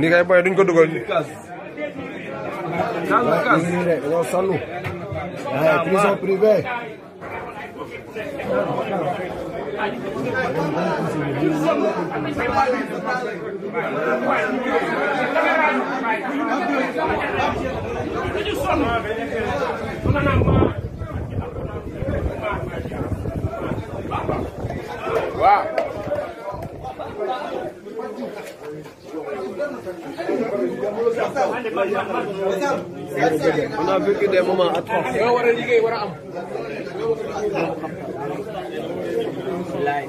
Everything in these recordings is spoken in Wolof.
ni kay booy duñ ko dugal. On a vécu des moments atroces. Live.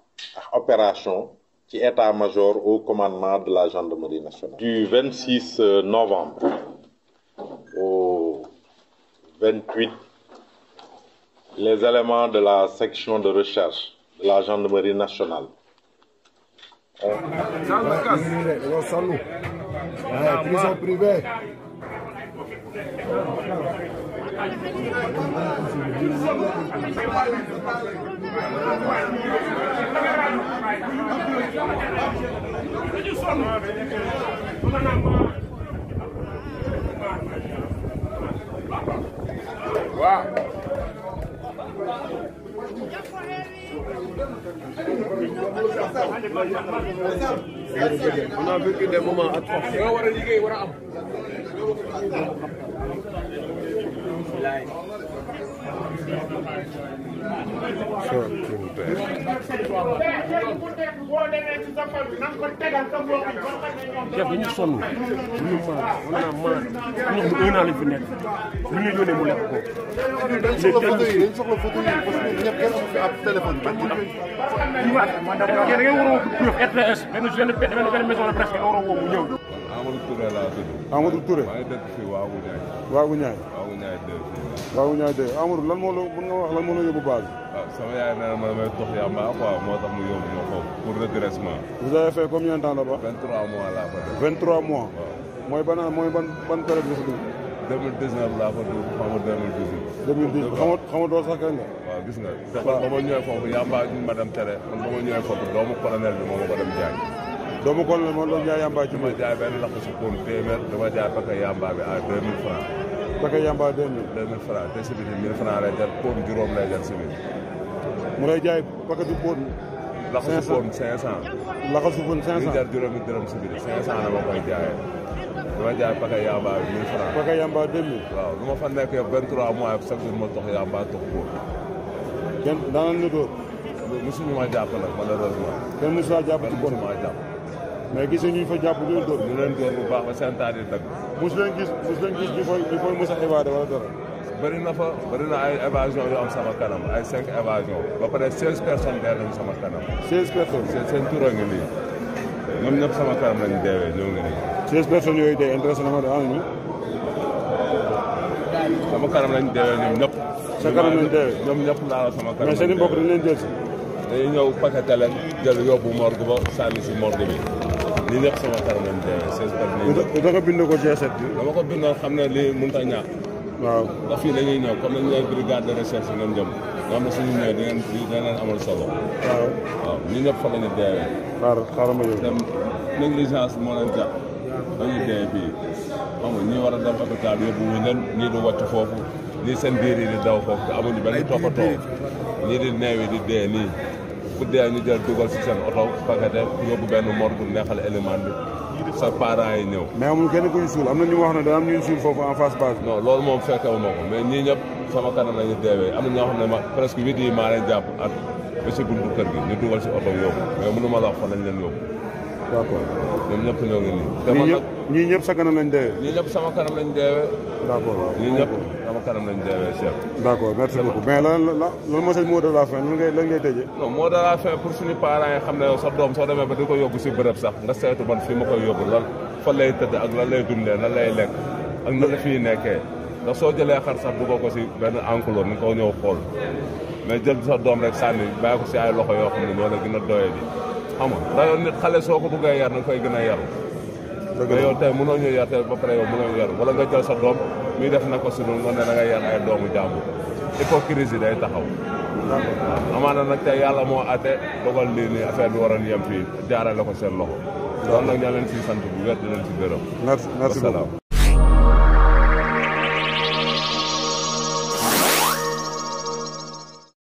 ak opération ci état major au commandement de la gendarmerie nationale. du 26 euh, novembre au 28 les éléments de la section de recherche de la gendarmerie nationale. prison privée. dañu sonn waaw on a vécu des moments atroces yoo war a liggéey war a am Sure, chef dañu sonn ñu maar maanaam maar ñox bu un an lañ fi nekk lu ñu yónnee mu lekk ko. dañ soxla photo yi dañ soxla photo yi parce que ñëpp kenn fi ab téléphone ban moo tax. ñu waat kenn ngeen war a woo RTS benn benn benn maison de presse ngeen war a woo mu ñëw. Amadou Touré laa a Amadou Touré maa ngi dëkk fii Waagu Ñaay. Waagu Ñaay. Waagu Ñaay deux fii. Waagu Ñaay deux Amadou lan moo la mën nga wax lan moo la yóbbu base bi. waaw ah, sama yaay nee na ma moo tax mu yóbbu ma foofu pour de temps là-bas. 23 mois laa fa def. 23 mois. waaw mooy ban mooy ban ban période bi nga 2019 laa fa dugg xam nga 2018. 2018 xam nga xam nga doo sax kenn nga. waaw gis nga. waaw ba dem tere man ba dem jaay. doomu kool la moom la jaay yamba ci ma jaay benn lakk si koon téeméer dama jaay paquet yamba bi mu lay jaay paquet du koon laxasu koon cinq cent laxasu koon cinq cent li jar juróomi dërëm si biir cinq cent la ma koy jaayee dama jaay paquet yamba bi mille ma fa nekk yow vingt trois mois yëpp chaque jour mais gis ñu fa jàpp dóor dóor. ñu leen dóor bu baax ba seen taat yi dagg. mos leen gis mos leen gis ñu koy ñu koy mos wala dara. bëri na fa bari na ay évasion yu am sama kanam ay cinq évasion ba pare seize personnes dee nañu sama kanam. seize personnes seen seen tur ngi nii ñoom ñëpp sama kanam lañu deewee ñoo ngi nii. seize personnes yooyu day intéressé na ma de am ah, sama kanam lañu deewee ñoom ñëpp. sa kanam lañu deewee ñoom ñëpp laa sama kanam. mais seen i mbokk dañu leen jël si. dañuy ñëw paqueté leen jël yóbbu morgue lii lépp sama xarit lañ demee seize par da ko bind ko G7 bi. dama ko bindoon xam ne lii mënut a ñàkk. waaw ndax fii dañuy ñëw comme dañu ñëw brigade de recherche ngeen jëm nga xam ne suñu ñëwee dangeen dangeen amal solo. waaw waaw ñun ñëpp fa la ñu deewee. xaar xaaral ma dem négligence moo leen jàpp dañuy dee fii xam nga ñi war a dem hôpital yóbbu ñu leen ñii du wàcc foofu ñii seen biir yi di daw foofu te amuñu benn toppatoo ñii di neewi di dee nii. bu dee ñu jël dugal si seen oto paqueté yóbbu benn morgue neexal élément bi sa parents yi ñëw. mais amul kenn suul am na ñu wax ne dana am ñuy suul foofu en face base. non loolu moom fekkewu ma ko sama kanam la ñu am na ñoo ne ma presque huit yi maa at ba si buntu ñu dugal si oto yóbbu mais mënu ma la fan lañ leen yóbbu. d' ñoom ñëpp ñoo ngi nii. ñii ñëpp sa kanam lañ deewee. ñii ñëpp sama kanam lañ deewee. d' accord waaw ñii ñëpp sama kanam lañ deewee Cheikh. d' accord merci beaucoup mais lan la sa mot de la fin lan ngay lan ngay tëjee. non mot de la fin pour suñu parents yi xam ne yow sa doom soo demee ba di ko yóbbu si bërëb sax nga seetu man fii ma koy yóbbu lan fan lay tëdd ak lan lay dundee lan lay lekk ak nan la fiy nekkee ndax soo jëlee xar sax duggoo ko si benn enclos ni nga ko ñëw xool mais jël sa doom rek sànni bàyyi ko si ay loxo yoo xam ne ñoo la a doyee xam nga ndax xale soo ko bëggee yar na nga koy gën a yaru te yow tey mënoo ñu yar tey ba pare yow mënoo yaru wala nga jël sa doom muy def na ko si noonu nga ne da ngay yar ay doomu jàmbur hypocrisie day taxaw amaana na tey yàlla moo ate dogal lii nii affaire bi waroon yem fii ko seen loxo loolu nag ñaa leen siy sant bu wér di leen si